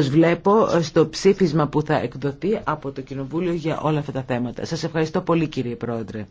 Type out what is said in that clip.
βλέπω στο ψήφισμα που θα εκδοθεί από το Κοινοβούλιο για όλα αυτά τα θέματα. Σας ευχαριστώ πολύ κύριε Πρόεδρε.